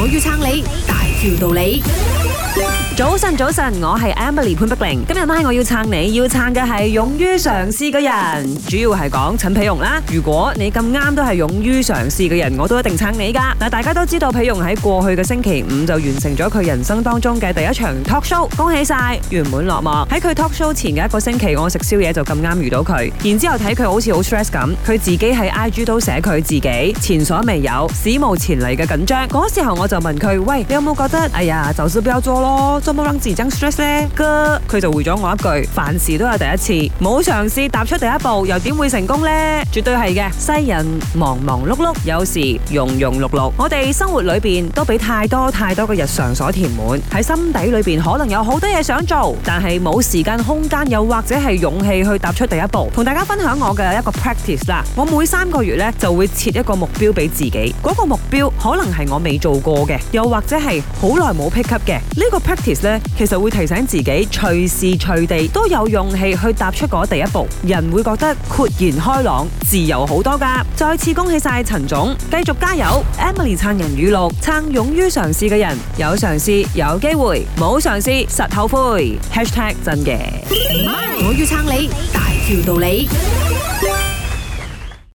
我要撐你，大條道理。早晨，早晨，我係 Emily 潘碧玲。今日晚我要撐你，要撐嘅係勇於嘗試嘅人，主要係講陳皮容啦。如果你咁啱都係勇於嘗試嘅人，我都一定撐你噶。嗱，大家都知道皮容喺過去嘅星期五就完成咗佢人生當中嘅第一場 talk show，恭喜晒，圓滿落幕。喺佢 talk show 前嘅一個星期，我食宵夜就咁啱遇到佢，然之後睇佢好似好 stress 咁，佢自己喺 IG 都寫佢自己前所未有、史無前例嘅緊張。嗰時候我就問佢：喂，你有冇覺得？哎呀，就少飆咗咯。做乜諗自增 stress 咧？哥佢就回咗我一句：凡事都有第一次，冇嘗試踏出第一步，又點會成功咧？絕對係嘅。世人忙忙碌碌，有時庸庸碌碌，我哋生活裏邊都俾太多太多嘅日常所填滿，喺心底裏邊可能有好多嘢想做，但係冇時間、空間又或者係勇氣去踏出第一步。同大家分享我嘅一個 practice 啦，我每三個月咧就會設一個目標俾自己，嗰個目標可能係我未做過嘅，又或者係好耐冇 pick up 嘅呢個 practice。其實會提醒自己隨時隨地都有勇氣去踏出嗰第一步，人會覺得豁然開朗、自由好多噶。再次恭喜晒陳總，繼續加油！Emily 撐人語錄，撐勇於嘗試嘅人，有嘗試有機會，冇嘗試實後悔，Hashtag 真嘅，我要撐你，大條道理。